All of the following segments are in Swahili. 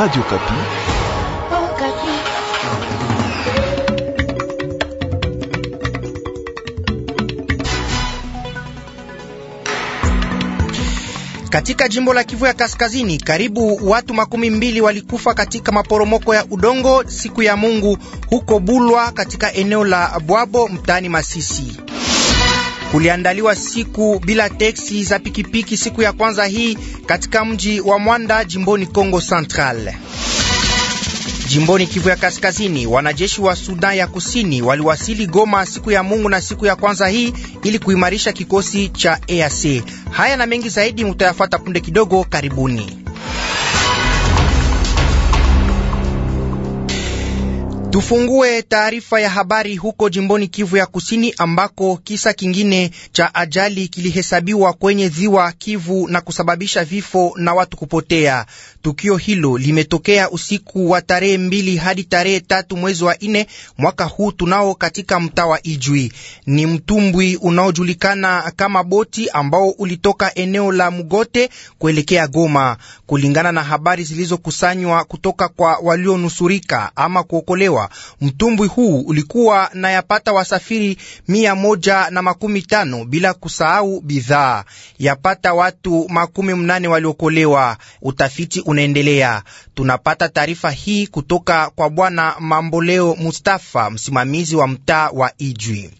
Radio Kapi. Oh, Kapi. Katika jimbo la Kivu ya Kaskazini, karibu watu makumi mbili walikufa katika maporomoko ya udongo siku ya Mungu huko Bulwa katika eneo la Bwabo mtaani Masisi kuliandaliwa siku bila teksi za pikipiki siku ya kwanza hii katika mji wa Mwanda jimboni Kongo Central. Jimboni Kivu ya Kaskazini, wanajeshi wa Sudan ya Kusini waliwasili Goma siku ya Mungu na siku ya kwanza hii ili kuimarisha kikosi cha EAC. Haya na mengi zaidi mutayafuata punde kidogo. Karibuni. Tufungue taarifa ya habari huko jimboni Kivu ya Kusini, ambako kisa kingine cha ajali kilihesabiwa kwenye ziwa Kivu na kusababisha vifo na watu kupotea. Tukio hilo limetokea usiku wa tarehe mbili hadi tarehe tatu mwezi wa nne mwaka huu tunao katika mtaa wa Ijwi. Ni mtumbwi unaojulikana kama boti ambao ulitoka eneo la Mugote kuelekea Goma, kulingana na habari zilizokusanywa kutoka kwa walionusurika ama kuokolewa kuokolewa. Mtumbwi huu ulikuwa na yapata wasafiri mia moja na makumi tano bila kusahau bidhaa. Yapata watu makumi mnane waliokolewa. Utafiti unaendelea. Tunapata taarifa hii kutoka kwa Bwana Mamboleo Mustafa, msimamizi wa mtaa wa Ijwi.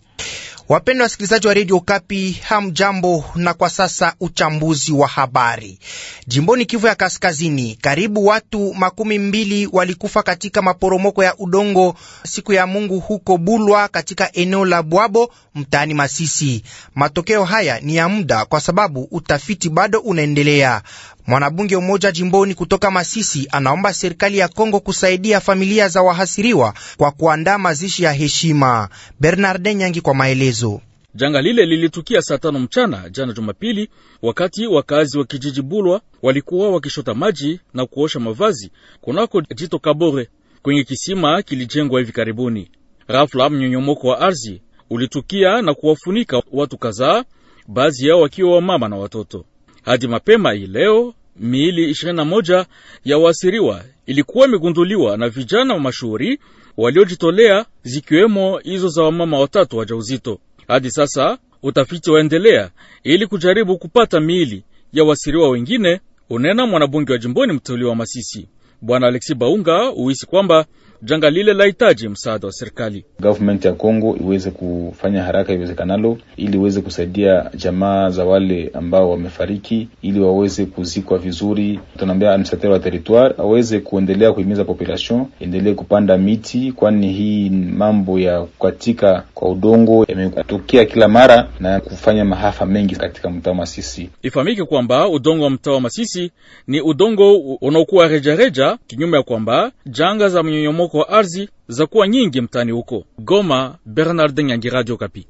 Wapendwa wasikilizaji wa redio Kapi, hamjambo. Na kwa sasa uchambuzi wa habari. Jimboni Kivu ya Kaskazini, karibu watu makumi mbili walikufa katika maporomoko ya udongo siku ya Mungu huko Bulwa, katika eneo la Bwabo mtaani Masisi. Matokeo haya ni ya muda kwa sababu utafiti bado unaendelea. Mwanabunge mmoja jimboni kutoka Masisi anaomba serikali ya Kongo kusaidia familia za wahasiriwa kwa kuandaa mazishi ya heshima. Bernarde Nyangi kwa maelezo. Janga lile lilitukia saa tano mchana jana Jumapili, wakati wakazi wa kijiji Bulwa walikuwa wakishota maji na kuosha mavazi kunako jito Kabore kwenye kisima kilijengwa hivi karibuni. Ghafla mnyonyomoko wa ardhi ulitukia na kuwafunika watu kadhaa, baadhi yao wakiwa wamama na watoto. Hadi mapema hii leo Miili 21 ya waasiriwa ilikuwa imegunduliwa na vijana wa mashuhuri waliojitolea, zikiwemo hizo za wamama watatu wajauzito. Hadi sasa utafiti waendelea ili kujaribu kupata miili ya wasiriwa wengine, unena mwanabunge wa jimboni mteuliwa wa Masisi Bwana Alexi Baunga, huisi kwamba Janga lile lahitaji msaada wa serikali, government ya Kongo iweze kufanya haraka iwezekanalo, ili iweze kusaidia jamaa za wale ambao wamefariki, ili waweze kuzikwa vizuri. Tunaambia administrateur wa territoire aweze kuendelea kuhimiza population endelee kupanda miti, kwani hii mambo ya kukatika kwa udongo yametokea kila mara na kufanya mahafa mengi katika mtaa wa Masisi. Ifahamike kwamba udongo wa mtaa wa Masisi ni udongo unaokuwa rejareja, kinyume ya kwamba janga za mnyonyomoko kwa ardhi za kuwa nyingi mtani huko. Goma, Bernard Nyangi, Radio Kapi.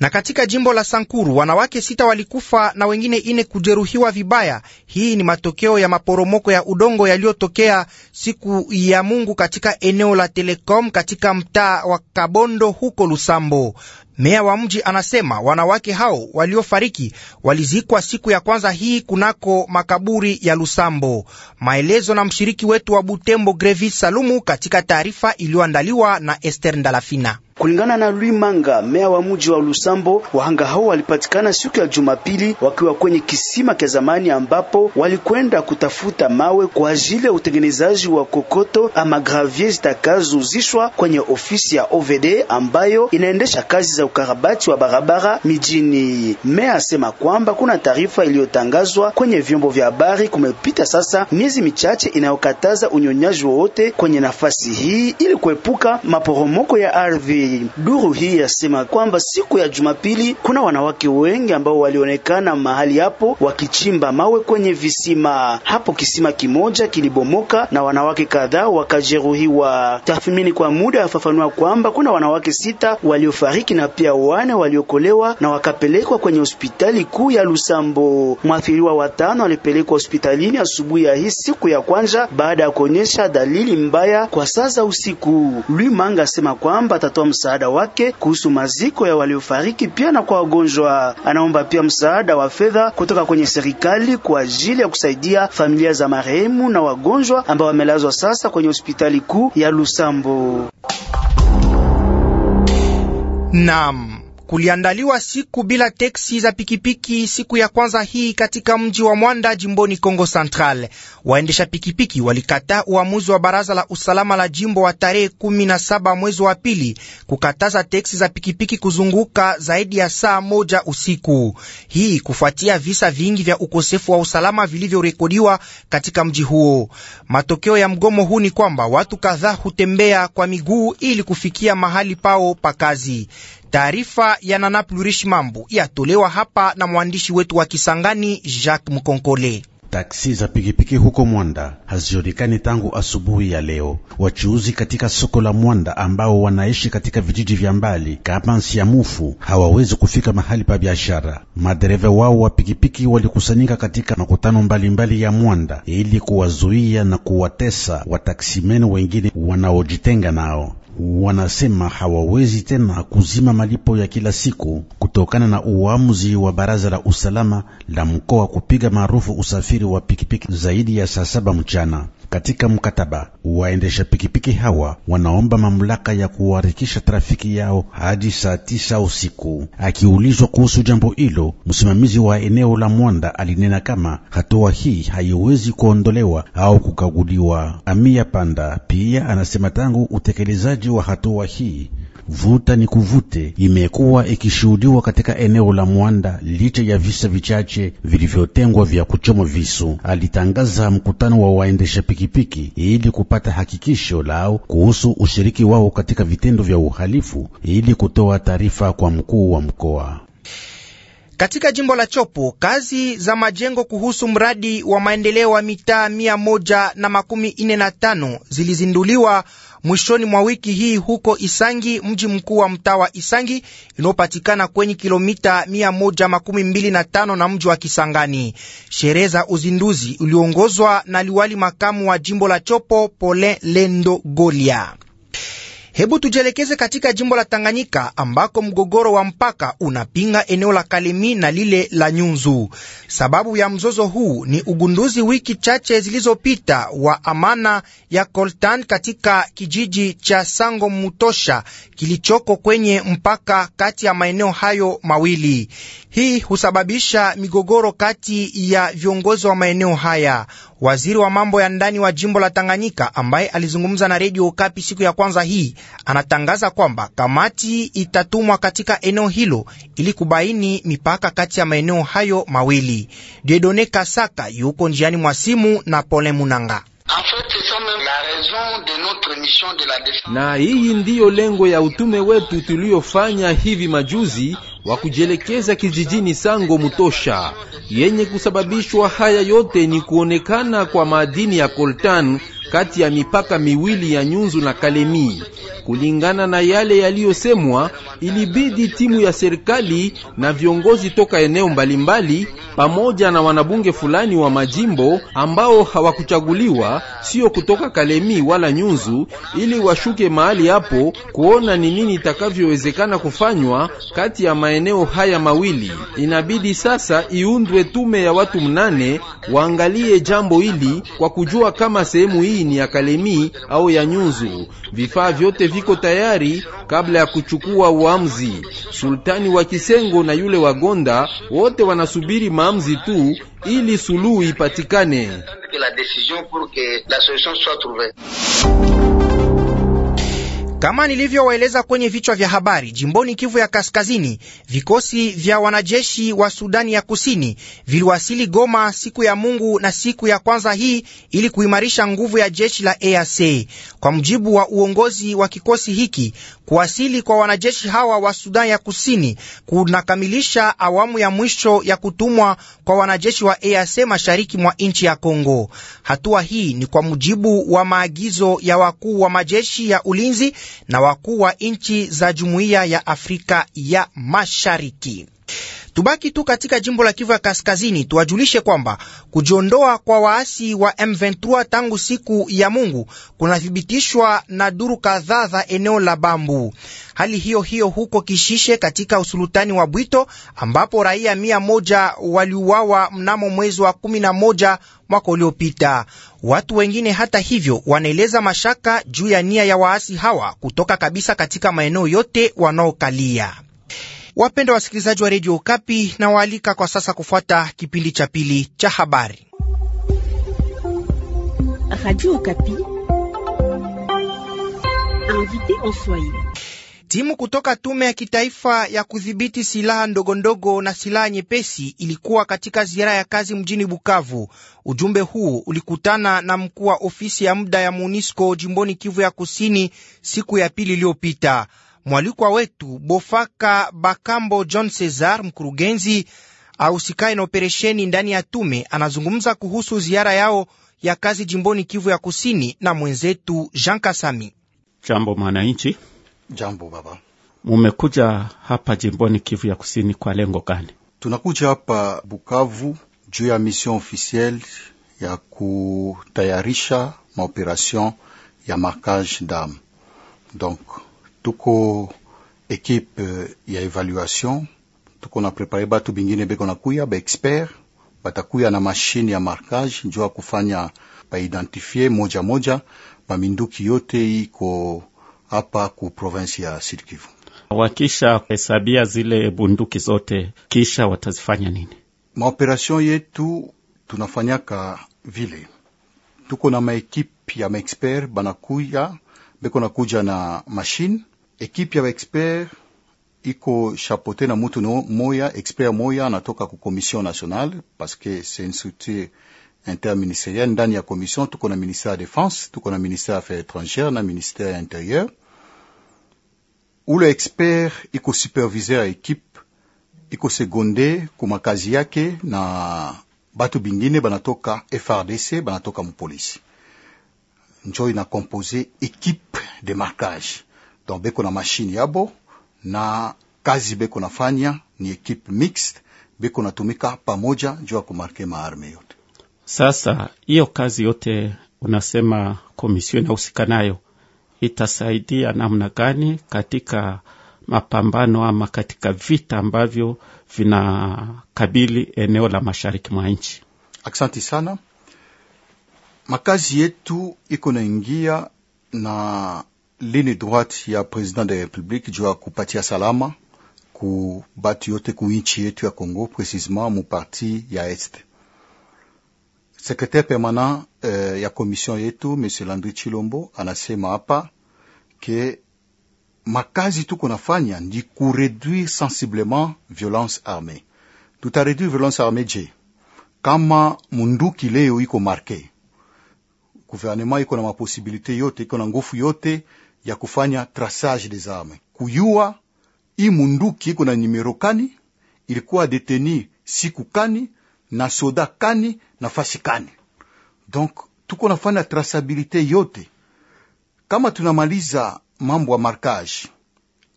Na katika jimbo la Sankuru wanawake sita walikufa na wengine ine kujeruhiwa vibaya. Hii ni matokeo ya maporomoko ya udongo yaliyotokea siku ya Mungu katika eneo la Telecom katika mtaa wa Kabondo huko Lusambo. Meya wa mji anasema wanawake hao waliofariki walizikwa siku ya kwanza hii kunako makaburi ya Lusambo. Maelezo na mshiriki wetu wa Butembo Grevis Salumu katika taarifa iliyoandaliwa na Ester Ndalafina. Kulingana na lui manga meya wa mji wa Lusambo, wahanga hao walipatikana siku ya Jumapili wakiwa kwenye kisima cha zamani ambapo walikwenda kutafuta mawe kwa ajili ya utengenezaji wa kokoto ama gravier zitakazozuzishwa kwenye ofisi ya OVD ambayo inaendesha kazi za ukarabati wa barabara mijini. Meya asema kwamba kuna taarifa iliyotangazwa kwenye vyombo vya habari kumepita sasa miezi michache inayokataza unyonyaji wowote kwenye nafasi hii ili kuepuka maporomoko ya ardhi. Duru hii yasema kwamba siku ya Jumapili kuna wanawake wengi ambao walionekana mahali hapo wakichimba mawe kwenye visima. Hapo kisima kimoja kilibomoka na wanawake kadhaa wakajeruhiwa. Tathmini kwa muda yafafanua kwamba kuna wanawake sita waliofariki na pia wane waliokolewa na wakapelekwa kwenye hospitali kuu ya Lusambo. Mwathiriwa watano alipelekwa hospitalini asubuhi ya hii siku ya kwanza baada ya kuonyesha dalili mbaya kwa saa za usiku. Lui Manga asema kwamba atatoa msaada wake kuhusu maziko ya waliofariki pia na kwa wagonjwa. Anaomba pia msaada wa fedha kutoka kwenye serikali kwa ajili ya kusaidia familia za marehemu na wagonjwa ambao wamelazwa sasa kwenye hospitali kuu ya Lusambo. Naam. Kuliandaliwa siku bila teksi za pikipiki siku ya kwanza hii katika mji wa Mwanda jimboni Congo Central. Waendesha pikipiki walikataa uamuzi wa baraza la usalama la jimbo wa tarehe 17 mwezi wa pili kukataza teksi za pikipiki kuzunguka zaidi ya saa moja usiku. Hii kufuatia visa vingi vya ukosefu wa usalama vilivyorekodiwa katika mji huo. Matokeo ya mgomo huu ni kwamba watu kadhaa hutembea kwa miguu ili kufikia mahali pao pa kazi. Taarifa ya Nana Plurish Mambu yatolewa hapa na mwandishi wetu wa Kisangani, Jacques Mkonkole. Taksi za pikipiki huko Mwanda hazionekani tangu asubuhi ya leo. Wachuuzi katika soko la Mwanda ambao wanaishi katika vijiji vya mbali kama Nsiamufu hawawezi kufika mahali pa biashara. Madereva wao wa pikipiki walikusanyika katika makutano mbalimbali ya Mwanda ili kuwazuia na kuwatesa wataksimeni wengine wanaojitenga nao wanasema hawawezi tena kuzima malipo ya kila siku kutokana na uamuzi wa baraza la usalama la mkoa kupiga maarufu usafiri wa pikipiki zaidi ya saa saba mchana. Katika mkataba, waendesha pikipiki hawa wanaomba mamlaka ya kuharakisha trafiki yao hadi saa tisa usiku. Akiulizwa kuhusu jambo hilo, msimamizi wa eneo la Mwanda alinena kama hatua hii haiwezi kuondolewa au kukaguliwa. Amia Panda pia anasema tangu utekelezaji wa hatua hii vuta ni kuvute imekuwa ikishuhudiwa katika eneo la Mwanda licha ya visa vichache vilivyotengwa vya kuchoma visu. Alitangaza mkutano wa waendesha pikipiki ili kupata hakikisho lao kuhusu ushiriki wao katika vitendo vya uhalifu ili kutoa taarifa kwa mkuu wa mkoa. Katika jimbo la Chopo, kazi za majengo kuhusu mradi wa maendeleo wa mitaa tano zilizinduliwa mwishoni mwa wiki hii huko Isangi, mji mkuu wa mtaa wa Isangi inayopatikana kwenye kilomita 125 na mji wa Kisangani. Sherehe za uzinduzi uliongozwa na liwali makamu wa jimbo la Chopo, Pole Lendo Golia. Hebu tujielekeze katika jimbo la Tanganyika ambako mgogoro wa mpaka unapinga eneo la Kalemi na lile la Nyunzu. Sababu ya mzozo huu ni ugunduzi wiki chache zilizopita wa amana ya coltan katika kijiji cha Sango Mutosha kilichoko kwenye mpaka kati ya maeneo hayo mawili. Hii husababisha migogoro kati ya viongozi wa maeneo haya. Waziri wa mambo ya ndani wa jimbo la Tanganyika ambaye alizungumza na redio Okapi siku ya kwanza hii anatangaza kwamba kamati itatumwa katika eneo hilo ili kubaini mipaka kati ya maeneo hayo mawili. Diedone Kasaka yuko njiani mwa simu na Pole Munanga. Na hii ndiyo lengo ya utume wetu tuliyofanya hivi majuzi wa kujielekeza kijijini Sango Mutosha. Yenye kusababishwa haya yote ni kuonekana kwa madini ya coltan kati ya mipaka miwili ya Nyunzu na Kalemi. Kulingana na yale yaliyosemwa, ilibidi timu ya serikali na viongozi toka eneo mbalimbali pamoja na wanabunge fulani wa majimbo ambao hawakuchaguliwa sio kutoka Kalemi wala Nyunzu, ili washuke mahali hapo kuona ni nini itakavyowezekana kufanywa kati ya maeneo haya mawili. Inabidi sasa iundwe tume ya watu mnane waangalie jambo hili kwa kujua kama sehemu hii ni ya Kalemi au ya Nyunzu. Vifaa vyote viko tayari kabla ya kuchukua uamuzi. Sultani wa Kisengo na yule wa Gonda wote wanasubiri maamuzi tu ili suluhu ipatikane. Kama nilivyowaeleza kwenye vichwa vya habari, jimboni Kivu ya Kaskazini, vikosi vya wanajeshi wa Sudani ya Kusini viliwasili Goma siku ya Mungu na siku ya kwanza hii ili kuimarisha nguvu ya jeshi la EAC. Kwa mujibu wa uongozi wa kikosi hiki, Kuwasili kwa wanajeshi hawa wa Sudan ya Kusini kunakamilisha awamu ya mwisho ya kutumwa kwa wanajeshi wa EAC mashariki mwa nchi ya Kongo. Hatua hii ni kwa mujibu wa maagizo ya wakuu wa majeshi ya ulinzi na wakuu wa nchi za Jumuiya ya Afrika ya Mashariki. Tubaki tu katika jimbo la Kivu ya Kaskazini, tuwajulishe kwamba kujiondoa kwa waasi wa M23 tangu siku ya Mungu kunathibitishwa na duru kadhaa za eneo la Bambu. Hali hiyo hiyo huko Kishishe katika usulutani wa Bwito ambapo raia mia moja waliuawa mnamo mwezi wa kumi na moja mwaka uliopita. Watu wengine hata hivyo wanaeleza mashaka juu ya nia ya waasi hawa kutoka kabisa katika maeneo yote wanaokalia. Wapenda wasikilizaji wa redio ukapi na waalika kwa sasa kufuata kipindi cha pili cha habari. Timu kutoka tume ya kitaifa ya kudhibiti silaha ndogondogo na silaha nyepesi ilikuwa katika ziara ya kazi mjini Bukavu. Ujumbe huu ulikutana na mkuu wa ofisi ya muda ya MONUSCO jimboni Kivu ya Kusini siku ya pili iliyopita mwalikwa wetu Bofaka Bakambo John Cesar, mkurugenzi ausikaye na operesheni ndani ya tume, anazungumza kuhusu ziara yao ya kazi jimboni Kivu ya Kusini na mwenzetu Jean Kasami. Jambo mwananchi. Jambo baba. Mumekuja hapa jimboni Kivu ya Kusini kwa lengo gani? Tunakuja hapa Bukavu juu ya mission officielle ya kutayarisha maoperation ya markage dam donc tuko ekipe ya evaluation tuko na prepare batu bingine beko nakuya ba expert batakuya na mashine ya markage ya kufanya baidentifie moja moja baminduki yote iko hapa ku province ya Sud Kivu. Wakisha hesabia zile bunduki zote, kisha watazifanya nini? Maoperation yetu tunafanyaka vile, tuko na maekipe ya maexpert banakuya beko nakuja na mashine ekipe ya expert iko chapote na mutu no moya expert moya anatoka ku commission nationale parce que c'est une structure interministérielle. Ndani ya commission tuko na ministère ya défense, tuko na ministère ya affaires étrangères na ministère ya intérieur. Ule expert iko superviseur ya ekipe iko segonde ku makazi yake na batu bingine banatoka FRDC banatoka mupolisi, njo ina compose équipe de marquage donc beko na mashine yabo na kazi beko nafanya ni ekipe mixte, beko natumika pamoja juu ya kumarke maarme yote. Sasa hiyo kazi yote unasema komision inahusika nayo, itasaidia namna gani katika mapambano ama katika vita ambavyo vinakabili eneo la mashariki mwa nchi? Aksanti sana. Makazi yetu iko naingia na lini droite ya president de republique juu ya kupatia salama ku batu yote ku nchi yetu ya Congo, precisement mu parti ya est Sekretare permanent eh, ya komision yetu Monsieur Landry Chilombo anasema hapa ke makazi tu kunafanya ndi ku reduire sensiblement violence armée. Tutareduire violence armée je kama munduki leo iko marke, gouvernement iko na maposibilite yote, iko na nguvu yote ya kufanya trasage des armes, kuyua i munduki iko na nimero kani, ilikuwa deteni siku kani na soda kani na fasi kani. Donc tuko nafanya trasabilite yote. Kama tunamaliza mambo ya markage,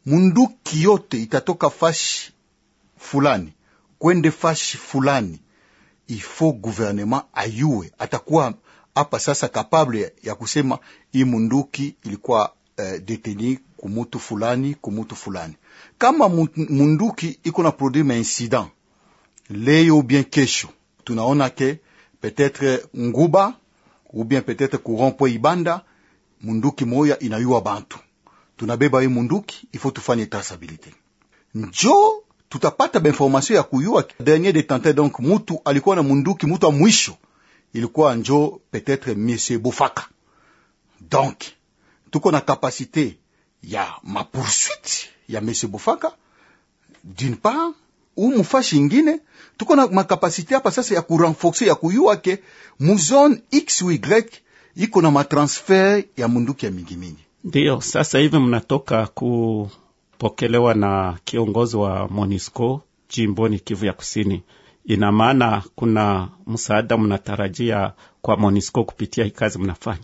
munduki yote itatoka fashi fulani kwende fashi fulani, ifo gouvernement ayue atakuwa hapa sasa kapable ya kusema hii munduki ilikuwa uh, eh, deteni kumutu fulani kumutu fulani. Kama munduki iko na produire maincident leo bien kesho, tunaona ke peut-être nguba ou bien peut-être kurompo ibanda munduki moya inayua bantu, tunabeba hii munduki, ifo tufanye traceability njo tutapata bainformation ya kuyua dernier detenteur, donc mutu alikuwa na munduki, mutu wa mwisho ilikuwa njo peut-être monsieur Bofaka donc tuko na kapasite ya mapursuite ya Monsieur Bufaka d'une part u ingine tuko na makapasite apa sasa ya kurenforce ya kuyua ke muzone x u y iko na matransfer ya munduki ya mingi mingi. Ndiyo sasa hivi mnatoka kupokelewa na kiongozi wa monisco jimboni Kivu ya Kusini. Ina maana kuna msaada mnatarajia kwa monisco kupitia hii kazi mnafanya?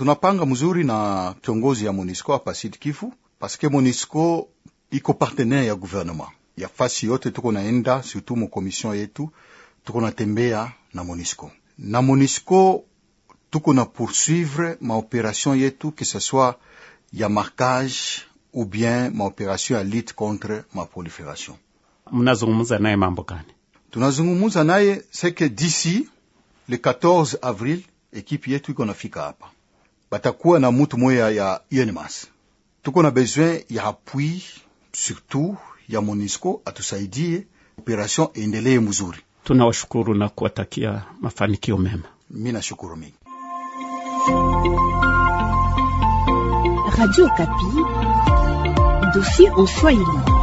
tunapanga mzuri na kiongozi ya Monisco hapa Sud Kivu, paske Monisco iko partenaire ya gouvernement ya fasi yote tuko naenda, surtout mu komision yetu tuko natembea na Monisco na Monisco tuko na poursuivre maoperation yetu que ce soit ya marquage ou bien maoperation ya lutte contre ma prolifération. Mnazungumuza naye mambo gani? Tunazungumuza naye seke d'ici le 14 avril ekipe yetu iko nafika hapa batakuwa na mutu moya ya UNMAS. Tuko na besoin ya appui surtout ya MONUSCO atusaidie operation endelee mzuri. Tunawashukuru na kuwatakia mafanikio mema. Mimi nashukuru mingi. Radio Kapi, dossier en Swahili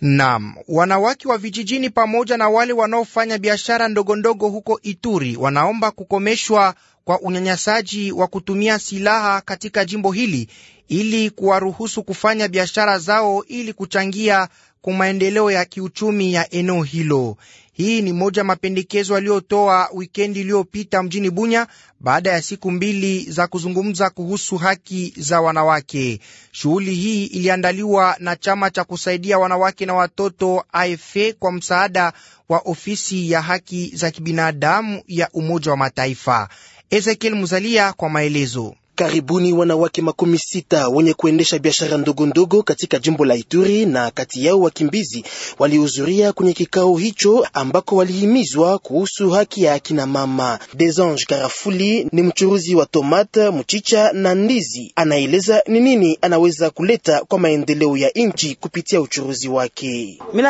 nam wanawake wa vijijini pamoja na wale wanaofanya biashara ndogondogo huko Ituri wanaomba kukomeshwa kwa unyanyasaji wa kutumia silaha katika jimbo hili ili kuwaruhusu kufanya biashara zao ili kuchangia kwa maendeleo ya kiuchumi ya eneo hilo. Hii ni moja mapendekezo aliyotoa wikendi iliyopita mjini Bunya baada ya siku mbili za kuzungumza kuhusu haki za wanawake. Shughuli hii iliandaliwa na chama cha kusaidia wanawake na watoto AFE kwa msaada wa ofisi ya haki za kibinadamu ya Umoja wa Mataifa. Ezekiel Muzalia kwa maelezo. Karibuni wanawake makumi sita wenye kuendesha biashara ndogo ndogo katika jimbo la Ituri na kati yao wakimbizi walihudhuria kwenye kikao hicho ambako walihimizwa kuhusu haki ya akina mama. Desange Karafuli ni mchuruzi wa tomate, mchicha na ndizi. Anaeleza ni nini anaweza kuleta kwa maendeleo ya nchi kupitia uchuruzi wake. Mimi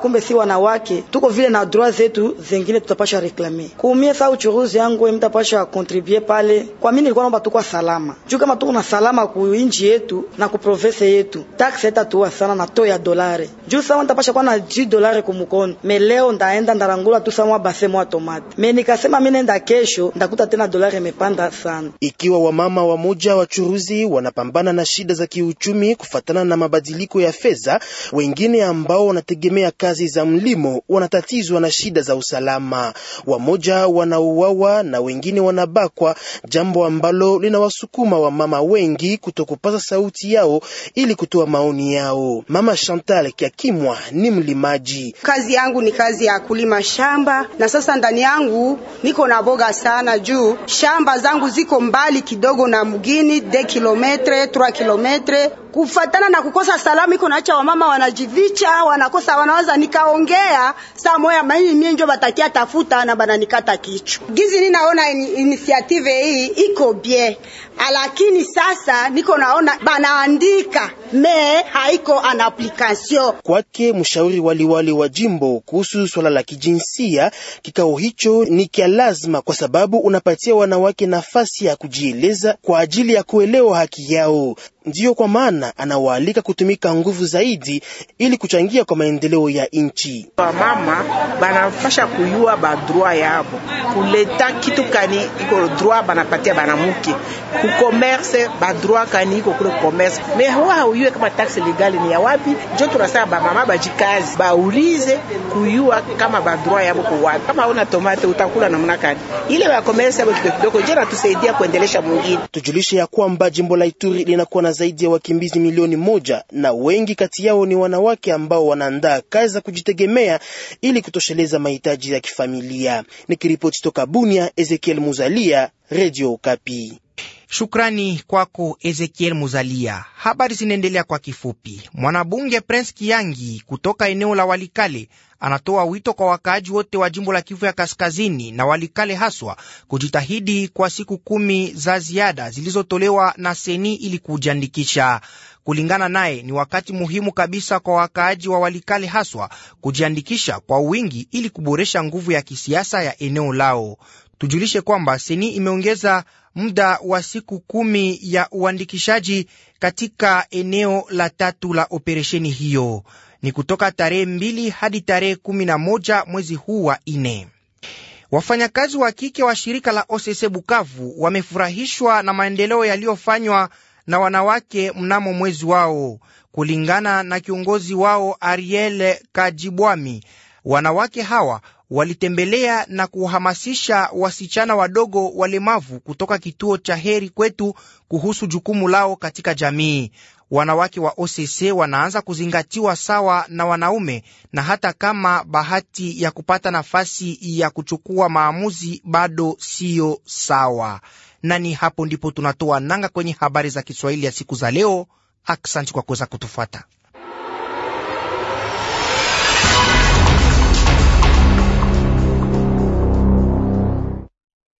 kumbe si wanawake tuko vile na droit zetu zengine tutapasha reklame kuumia saa uchuruzi yangu mtapasha kontribue pale kwa mimi nilikuwa naomba tukwa sala salama juu kama tuko na salama ku kuinchi yetu na ku kuprovese yetu, taksi haitatuwa sana na to ya dolare juu sawa nitapasha kwa na ji dolari kumukono me leo ndaenda ndarangula tu sawa base mwa tomate me nikasema mi nenda kesho ndakuta tena dolari imepanda sana. Ikiwa wamama wa moja wachuruzi wanapambana na shida za kiuchumi kufatana na mabadiliko ya fedha, wengine ambao wanategemea kazi za mlimo wanatatizwa na shida za usalama. Wamoja wanauawa na wengine wanabakwa, jambo ambalo linawasu kusukuma mama wengi kutokupaza sauti yao ili kutoa maoni yao. Mama Chantal Kiakimwa ni mlimaji. Kazi yangu ni kazi ya kulima shamba, na sasa ndani yangu niko na boga sana juu shamba zangu ziko mbali kidogo na mgini de kilometre 3 kilometre kufatana na kukosa salamu iko naacha wamama wanajivicha, wanakosa wanawaza, nikaongea saa moya maini mie njo batakia tafuta na bananikata kichwa. Gizi ni naona in, initiative hii iko bien, lakini sasa niko naona banaandika me haiko an application kwake. Mshauri waliwali wa jimbo kuhusu swala la kijinsia, kikao hicho ni kia lazima kwa sababu unapatia wanawake nafasi ya kujieleza kwa ajili ya kuelewa haki yao. Ndiyo kwa maana anawaalika kutumika nguvu zaidi ili kuchangia kwa maendeleo ya nchi. Wamama banafasha kuyua badroit yabo kuleta kitu kani iko droit banapatia banamuke ku kukomerse badroit kani iko kule commerce me huwa hauyue kama tax legal ni ya wapi. Njo tunasema bamama bajikazi baulize kuyua kama badroit yabo ko wapi. Kama una tomate utakula namna gani? Ile ba commerce yabo kidogo kidogo, je, natusaidia kuendelesha mwingine. Tujulishe ya kwamba jimbo la Ituri linakuwa na zaidi ya wakimbizi milioni moja, na wengi kati yao ni wanawake ambao wanaandaa kazi za kujitegemea ili kutosheleza mahitaji ya kifamilia. Nikiripoti toka Bunia, Ezekiel Muzalia, Radio Okapi. Shukrani kwako Ezekiel Muzalia. Habari zinaendelea kwa kifupi. Mwanabunge Prince Kiangi kutoka eneo la Walikale anatoa wito kwa wakaaji wote wa jimbo la Kivu ya Kaskazini na Walikale haswa kujitahidi kwa siku kumi za ziada zilizotolewa na seni ili kujiandikisha. Kulingana naye, ni wakati muhimu kabisa kwa wakaaji wa Walikale haswa kujiandikisha kwa wingi ili kuboresha nguvu ya kisiasa ya eneo lao. Tujulishe kwamba seni imeongeza muda wa siku kumi ya uandikishaji katika eneo la tatu la operesheni hiyo ni kutoka tarehe mbili hadi tarehe kumi na moja mwezi huu wa ine. Wafanyakazi wa kike wa shirika la OSS Bukavu wamefurahishwa na maendeleo yaliyofanywa na wanawake mnamo mwezi wao. Kulingana na kiongozi wao Ariel Kajibwami, wanawake hawa walitembelea na kuhamasisha wasichana wadogo walemavu kutoka kituo cha Heri Kwetu kuhusu jukumu lao katika jamii wanawake wa OCC wanaanza kuzingatiwa sawa na wanaume, na hata kama bahati ya kupata nafasi ya kuchukua maamuzi bado siyo sawa. Na ni hapo ndipo tunatoa nanga kwenye habari za Kiswahili ya siku za leo. Aksanti kwa kuweza kutufuata.